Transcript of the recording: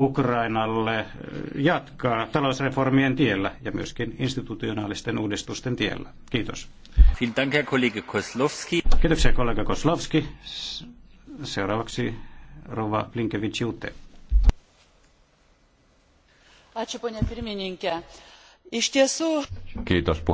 Ukrainalle eh, jatkaa talousreformien tiellä ja myöskin institutionaalisten uudistusten tiellä. Kiitos. Kiitoksia kollega Koslovski. Seuraavaksi Rova Plinkevich Jute. Kiitos